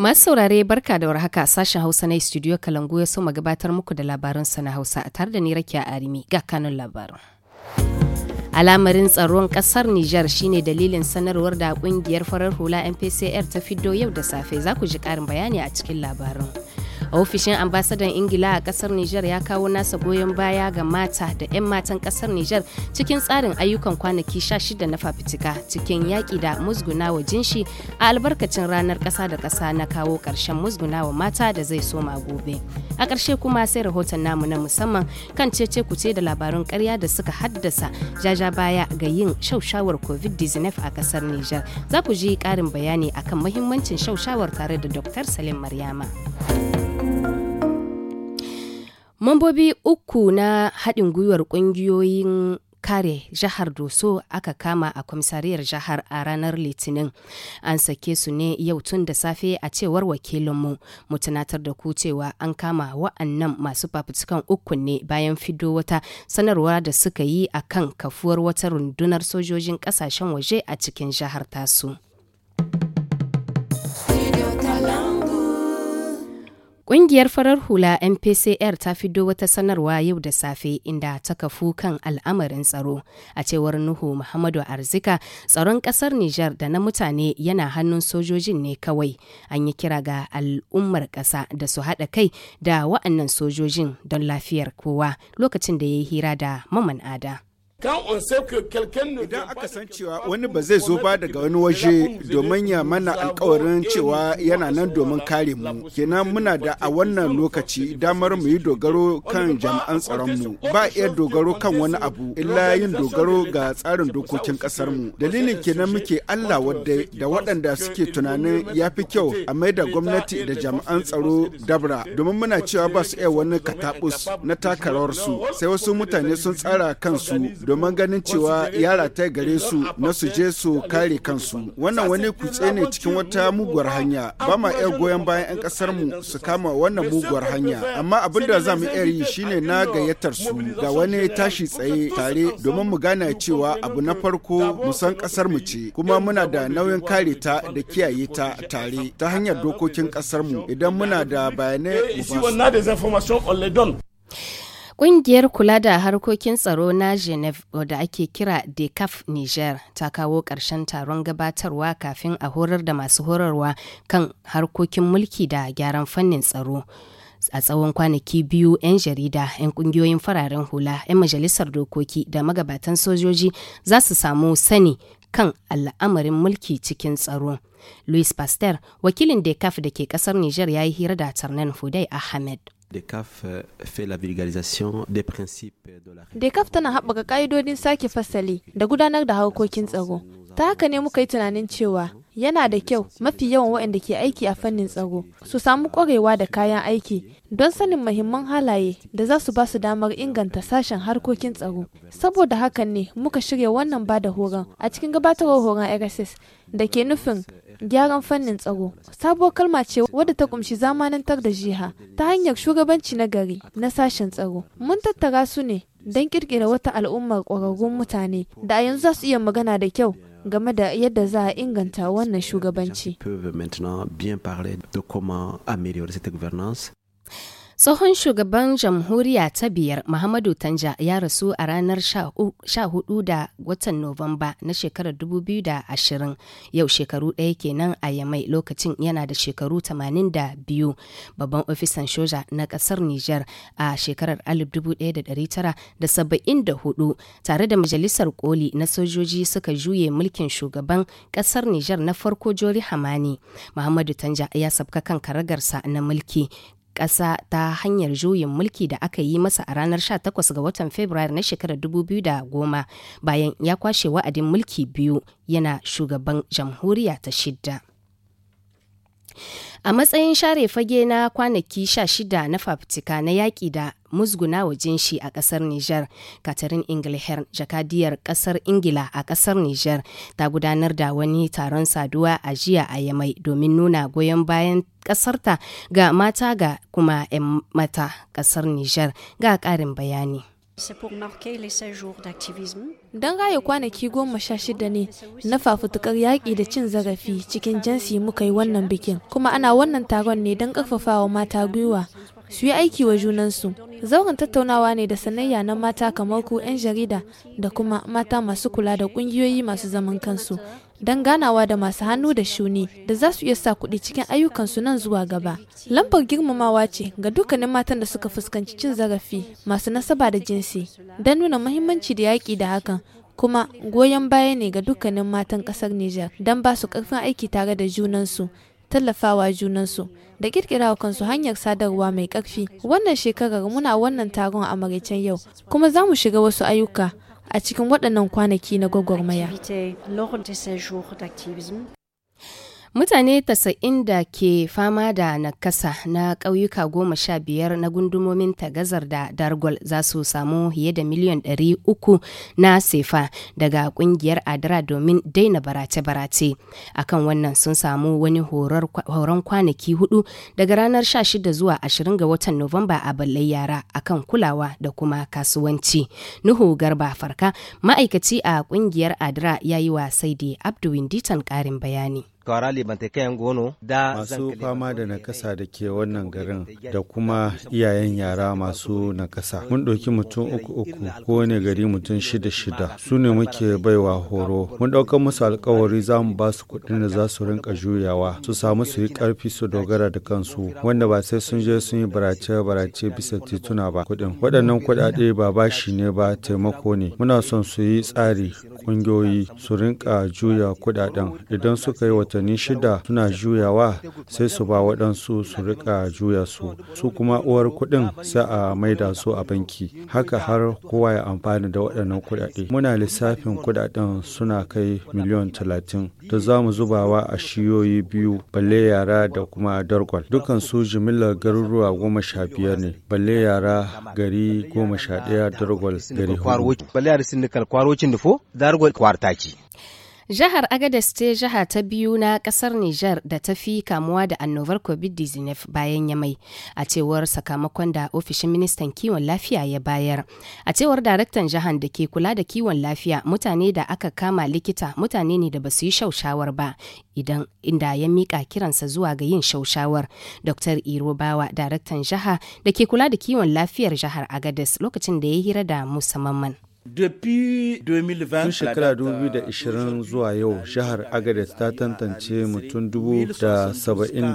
Masu saurare barka da warhaka sashen Hausa na Studio Kalangu ya so gabatar muku da labarin sana Hausa a tare da ni Rakiya Arimi ga kanun labarin. Alamarin tsaron kasar Nijar shine dalilin sanarwar da kungiyar farar hula MPCR ta fiddo yau da safe za ku ji karin bayani a cikin labarin. ofishin ambasadan ingila a kasar niger ya kawo nasa goyon baya ga mata da 'yan matan kasar niger cikin tsarin ayyukan kwanaki sha shida na fafitika cikin yaƙi da musgunawa jinshi a albarkacin ranar ƙasa da ƙasa na kawo ƙarshen musgunawa mata da zai soma gobe a ƙarshe kuma sai rahoton namu na musamman kan cece kuce da labarun karya da suka haddasa jaja baya ga yin shaushawar covid-19 a kasar niger za ku ji ƙarin bayani akan muhimmancin shaushawar tare da dr salim maryama Mambobi uku na haɗin gwiwar ƙungiyoyin kare jihar Doso aka kama a kwamisariyar jihar a ranar Litinin. An sake su ne yau tun da safe a cewar wakilinmu. Mu tunatar da ku cewa an kama wa'annan masu fafutukan uku ne bayan fido wata sanarwa da suka yi a kan kafuwar wata rundunar sojojin ƙasashen waje a cikin jihar tasu. Ƙungiyar farar hula MPCR ta fido wata sanarwa yau da safe inda ta kafu kan al'amarin tsaro. A cewar Nuhu Muhammadu Arzika, tsaron ƙasar Nijar da na mutane yana hannun sojojin ne kawai. An yi kira ga al'ummar ƙasa da su haɗa kai da wa'annan sojojin don lafiyar kowa lokacin da ya yi hira da maman ada. Idan aka san cewa wani ba zai zo ba daga wani waje domin ya mana alkawarin cewa yana nan domin kare mu, kenan muna da a wannan lokaci damar mu yi dogaro kan jami'an mu Ba iya dogaro kan wani abu, illa yin dogaro ga tsarin dokokin mu Dalilin kenan muke Allah wadda da waɗanda suke tunanin ya fi kyau a mai da gwamnati da jami'an tsaro dabra, domin muna cewa ba su iya wani katabus na takararsu, sai wasu mutane sun tsara kansu domin ganin cewa yara ta gare su na su je su kare kansu wannan wani kutse ne cikin wata muguwar hanya ba ma iya goyon bayan 'yan kasar mu su kama wannan muguwar hanya amma abin da za mu iya yi shine na gayyatar su ga wani tashi tsaye tare domin mu gane cewa abu na farko mu san kasar mu ce kuma muna da nauyin kare ta da kiyaye ta tare ta hanyar dokokin kasar mu idan muna da eh, bayanai mu Ƙungiyar kula da harkokin tsaro na Geneve wadda ake kira DECAF Niger ta kawo ƙarshen taron gabatarwa kafin a horar da masu horarwa kan harkokin mulki da gyaran fannin tsaro. a tsawon kwanaki biyu 'yan jarida 'yan ƙungiyoyin fararen hula 'yan majalisar dokoki da magabatan sojoji za su samu sani kan al'amarin mulki cikin tsaro louis pasteur wakilin decaf da ke ƙasar niger ya yi hira da tarnan hudai ahmed Euh, DECAF tana haɓaka ƙa'idodin sake fasali da gudanar da harkokin tsaro. Ta haka ne muka yi tunanin cewa yana da kyau mafi yawan waɗanda ke aiki a fannin tsaro su samu ƙwarewa da kayan aiki don sanin mahimman halaye da za su ba su damar inganta sashen harkokin tsaro saboda hakan ne muka shirya wannan ba da horon a cikin gabatarwar horon rss da ke nufin gyaran fannin tsaro sabuwar kalma ce wadda ta kumshi zamanantar da jiha ta hanyar shugabanci na gari na sashen tsaro mun tattara su ne don ƙirƙira wata al'ummar ƙwararrun mutane da a yanzu za su iya magana da kyau game da yadda za a inganta wannan shugabanci. Tsohon shugaban jamhuriya ta biyar Muhammadu Tanja ya rasu a ranar 14 da watan Nuwamba na shekarar 2020 yau shekaru ɗaya kenan a Yamai lokacin yana da shekaru 82 babban ofisan soja na ƙasar Nijar a shekarar 1974 tare da majalisar koli na sojoji suka juye mulkin shugaban ƙasar Nijar na farko Jori Hamani. Muhammadu Tanja ya sabka kan karagarsa na mulki ƙasa ta hanyar juyin mulki da aka yi masa a ranar 18 ga watan Fabrairu na shekarar 2010 bayan ya kwashe wa'adin mulki biyu yana shugaban jamhuriya ta shidda. A matsayin share fage na kwanaki 16 na fafutuka na yaƙi da musguna wa jinshi a kasar Nijar. Catherine Ingelher, jakadiyar kasar Ingila a kasar Nijar, ta gudanar da wani taron saduwa a jiya a Yamai domin nuna goyon bayan kasarta ga mata ga kuma 'yan mata kasar Nijar ga karin bayani. Don raya kwanaki goma sha shida ne na fafutukar yaƙi da cin zarafi cikin jinsi muka yi wannan bikin, kuma ana wannan taron ne don ƙarfafawa mata gwiwa su yi aiki wa junansu zauren tattaunawa ne da sanayya na mata kamar ku 'yan jarida da kuma mata masu kula da ƙungiyoyi masu zaman kansu don ganawa da masu hannu da shuni da za su iya sa kuɗi cikin ayyukansu nan zuwa gaba. Lambar girmamawa ce ga dukkanin matan da suka fuskanci cin zarafi masu nasaba da jinsi don nuna muhimmanci da yaƙi da hakan kuma goyon baya ne ga dukkanin matan ƙasar Nijar don ba su ƙarfin aiki tare da junansu tallafawa junansu da kirkirawa kansu hanyar sadarwa mai ƙarfi wannan shekarar muna wannan taron a maraicen yau kuma za mu shiga wasu ayyuka a cikin waɗannan kwanaki na gwagwarmaya Mutane tasa'in da ke fama da nakasa na ƙauyuka goma sha biyar na gundumomin tagazar da Dargol za su samu fiye da miliyan ɗari uku na sefa daga ƙungiyar Adara domin daina barace-barace. Akan wannan sun samu wani horon kwanaki hudu daga ranar 16 zuwa 20 ga watan Nuwamba a ballai yara akan kulawa da kuma kasuwanci. Nuhu Garba Farka ma'aikaci a ƙungiyar Adara ya yi wa Saidi Abdu Winditan ƙarin bayani. kawara gono da masu fama da nakasa da ke wannan garin da kuma iyayen yara masu nakasa mun ɗauki mutum uku uku ko wani gari mutum shida shida su ne muke baiwa horo mun ɗaukar musu alkawari za mu ba su kuɗin da za su rinka juyawa su samu su yi ƙarfi su dogara da kansu wanda ba sai sun je sun yi barace barace bisa tituna ba kuɗin waɗannan kuɗaɗe ba bashi ne ba taimako ne muna son su yi tsari kungiyoyi su rinka juya kudaden idan suka yi watanni shida suna juyawa sai su ba waɗansu su rika juya su su kuma uwar kudin sai a maida su a banki haka har kowa ya amfani da waɗannan kudade muna lissafin kudaden suna kai miliyan talatin da za mu zubawa a shiyoyi biyu balle yara da kuma dargwal dukan su jimillar garuruwa goma sha biyar ne balle yara gari goma sha ɗaya dargwal gari hudu largol kwartaki Jihar Agadez ce jiha ta biyu na kasar Nijar da ta fi kamuwa da annobar COVID-19 bayan ya mai a cewar sakamakon da ofishin ministan kiwon lafiya ya bayar. A cewar daraktan jihar da ke kula da kiwon lafiya, mutane da aka kama likita mutane ne da ba su yi shaushawar ba, idan inda ya mika kiransa zuwa ga yin shaushawar. Dr. Iro Bawa, daraktan jiha da ke kula da kiwon lafiyar jihar Agadez lokacin da ya hira da musamman. Tun shekara 2020 zuwa yau jihar Agadez ta tantance mutum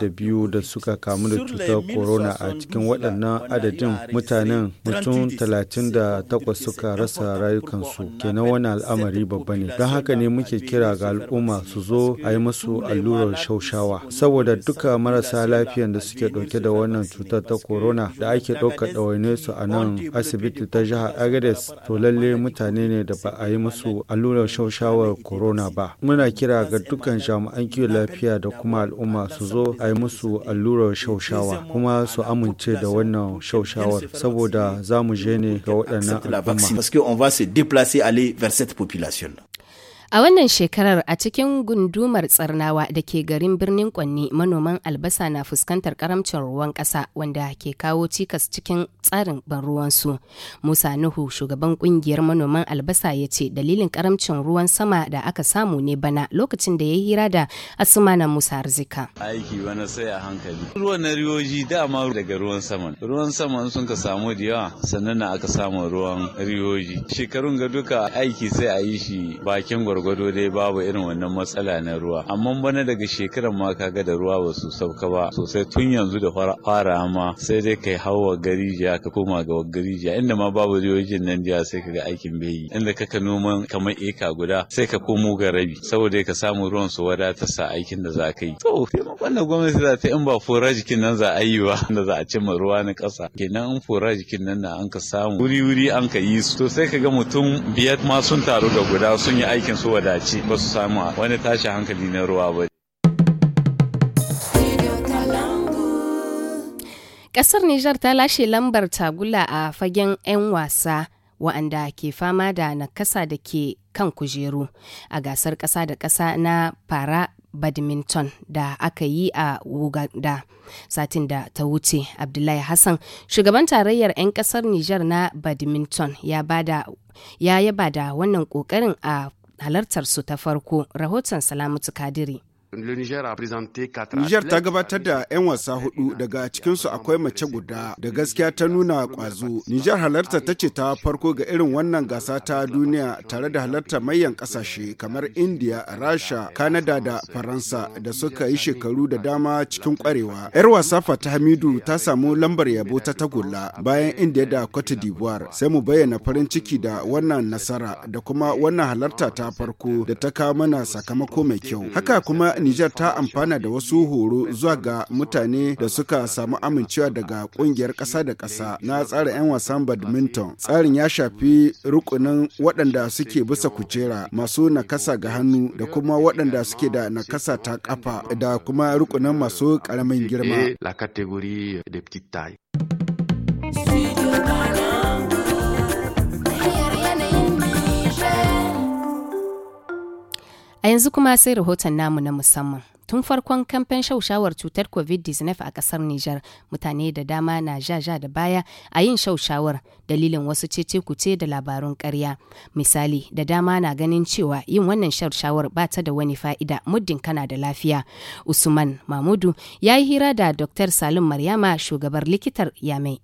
biyu da suka kamu da cutar corona a cikin waɗannan adadin mutanen mutum 38 suka rasa rayukansu kenan wani al'amari babba ne. Don haka ne muke kira ga al'umma su zo a yi musu allurar shaushawa. Saboda duka marasa lafiyan da suke ɗauke da wannan cutar ta corona da ake ɗauka ɗawaine a nan asibiti ta jihar Agadez to lalle dai mutane ne da ba a yi musu allurar shaushawar corona ba. Muna kira ga dukkan jami'an kiwon lafiya da kuma al'umma su zo a yi musu allurar shaushawa kuma su amince da wannan shaushawar saboda za mu je ne ga waɗannan al'umma. A wannan shekarar a cikin gundumar tsarnawa da ke garin birnin Kwanni manoman albasa na fuskantar karamcin ruwan ƙasa wanda ke kawo cikas cikin tsarin ban ruwansu. Musa Nuhu shugaban kungiyar manoman albasa ya ce dalilin karamcin ruwan sama da aka samu ne bana lokacin da ya hira da Asumana Musa Arzika. Aiki wani sai a hankali. Ruwan na riyoji dama daga ruwan sama. Ruwan sama sun ka samu da yawa sannan aka samu ruwan riyoji. Shekarun ga duka aiki sai a yi shi bakin gwargwado dai babu irin wannan matsala na ruwa amma bana daga shekarar ma kaga da ruwa ba su sauka ba sosai tun yanzu da fara ma sai dai kai hawa garija ka koma ga garija inda ma babu riyojin nan jiya sai kaga aikin bai yi inda kaka noman kamar eka guda sai ka komo ga rabi saboda ka samu ruwan su wadatar sa aikin da za ka yi to taimakon da gwamnati za ta in ba fora jikin nan za a yi ba da za a cimma ruwa na ƙasa kenan in fora jikin nan na an ka samu wuri wuri an ka yi su to sai ka ga mutum biyar ma sun taru da guda sun yi aikin su su wadaci ba su samu wani tashi hankali na ruwa ba Ƙasar Nijar ta lashe lambar tagula a fagen 'yan wasa wa'anda ke fama da nakasa da ke kan kujeru a gasar ƙasa da ƙasa na fara badminton da aka yi a Uganda satin da ta wuce. Abdullahi Hassan, shugaban tarayyar 'yan ƙasar Nijar na badminton ya yaba da wannan ƙoƙarin a halartarsu ta farko rahoton salamatu kadiri Le ta gabatar da 'yan wasa hudu daga cikinsu akwai mace guda da gaskiya ta nuna kwazo. Niger halarta ta ce ta farko ga irin wannan gasa ta duniya tare da halarta mayan kasashe kamar India, Rasha, Canada da Faransa da suka yi shekaru da dama cikin kwarewa. 'Yar wasa Fata Hamidu ta samu lambar yabo ta tagulla bayan India da Cote d'Ivoire. Sai mu bayyana farin ciki da wannan nasara da kuma wannan halarta ta farko da ta kawo mana sakamako mai kyau. Haka kuma Nijar ta amfana da wasu horo zuwa ga mutane da suka samu amincewa daga kungiyar ƙasa da ƙasa na tsara 'yan wasan badminton. Tsarin ya shafi rukunin waɗanda suke bisa kujera masu nakasa ga hannu da kuma waɗanda suke da nakasa ta ƙafa da kuma rukunin masu ƙaramin girma. A yanzu kuma sai rahoton namu na musamman. Tun farkon kamfen shaushawar cutar COVID-19 a kasar Nijar, mutane da dama na jaja da baya a yin shaushawar dalilin wasu cece kuce da labarun karya Misali, da dama na ganin cewa yin wannan shaushawar ba ta da wani fa'ida muddin kana da lafiya. Usman Mamudu ya yi hira da Dr. Salim Maryama shugabar likitar Yamai.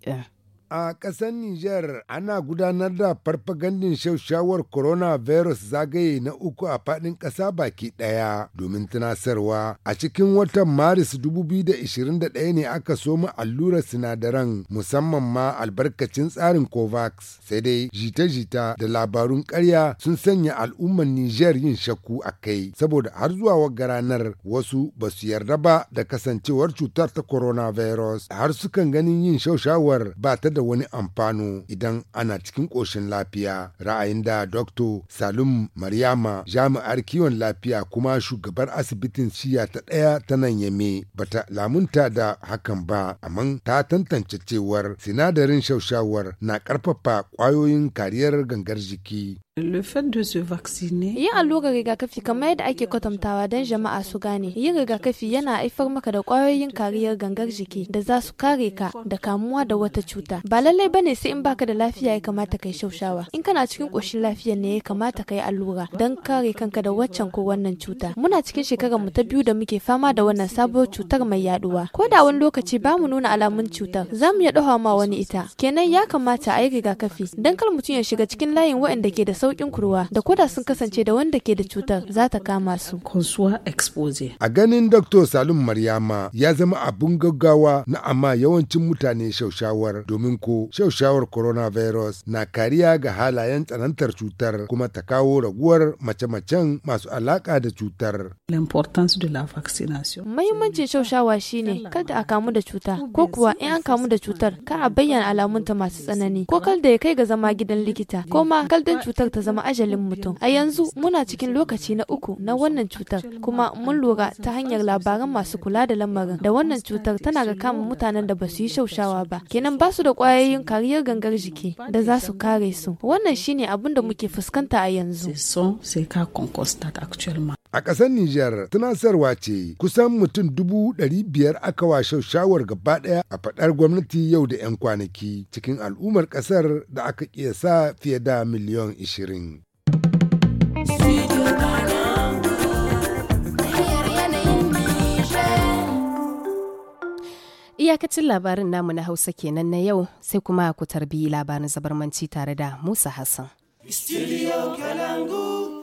A ƙasar Nijar ana gudanar da farfagandin shaushawar coronavirus zagaye na uku a faɗin ƙasa baki ɗaya domin tunasarwa. A cikin watan Maris 2021 ne aka soma allurar sinadaran musamman ma albarkacin tsarin COVAX. Sai dai jita-jita da labarun karya sun sanya al'ummar Nijar yin shakku a kai saboda har zuwa ranar wasu ba su yarda ba da kasancewar cutar ta coronavirus har sukan ganin yin shaushawar ba ta da da wani amfano idan ana cikin ƙoshin lafiya ra'ayin da Dr. salim Maryama jami'ar kiwon lafiya kuma shugabar asibitin shiya ta ɗaya ta nan yame bata lamunta da hakan ba amma ta tantance cewar sinadarin shaushawar na ƙarfafa kwayoyin kariyar gangar jiki Le fait de se vacciner. allurar rigakafi kamar yadda ake kwatantawa don jama'a su gane. Yin rigakafi yana haifar maka da ƙwayoyin kariyar gangar jiki da za su kare ka da kamuwa da wata cuta. Ba lallai ba ne sai in baka da lafiya ya kamata kai shaushawa. In kana cikin ƙoshin lafiya ne ya kamata kai allura don kare kanka da waccan ko wannan cuta. Muna cikin shekarar mu ta biyu da muke fama da wannan sabuwar cutar mai yaduwa. Ko da wani lokaci ba mu nuna alamun cutar, za mu iya ɗaha ma wani ita. Kenan ya kamata a yi rigakafi don kar mutum ya shiga cikin layin waɗanda ke da sauƙin kurwa da koda sun kasance da wanda ke da cutar za ta kama su. A ganin Dr. Salim Maryama ya zama abin gaggawa na amma yawancin mutane shaushawar domin ko shaushawar coronavirus na kariya ga halayen tsanantar cutar kuma ta kawo raguwar mace-macen masu alaƙa da cutar. Mahimmancin shaushawa shine kada a kamu da cuta ko kuwa in an kamu da cutar ka a bayyana alamunta masu tsanani ko kal da ya kai ga zama gidan likita ko ma kaldan cutar ta zama ajalin mutum a yanzu muna cikin lokaci na uku na wannan cutar kuma mun lura ta hanyar labaran masu kula da lamarin da wannan cutar tana ga kama mutanen da ba su yi shaushawa ba kenan ba su da kwayoyin kariyar gangar jiki da za su kare su wannan shine abin da muke fuskanta a yanzu A ƙasar Nijar tunasarwa ce kusan mutum dubu ɗari biyar aka washe shawar gaba ɗaya a faɗar gwamnati yau da 'yan kwanaki cikin al'ummar ƙasar da aka ƙiyasa fiye da miliyan ishirin. Iyakacin labarin namu na Hausa kenan na yau sai kuma ku tarbi labarin zabarmanci tare da Musa Hassan. Studio Kalangu.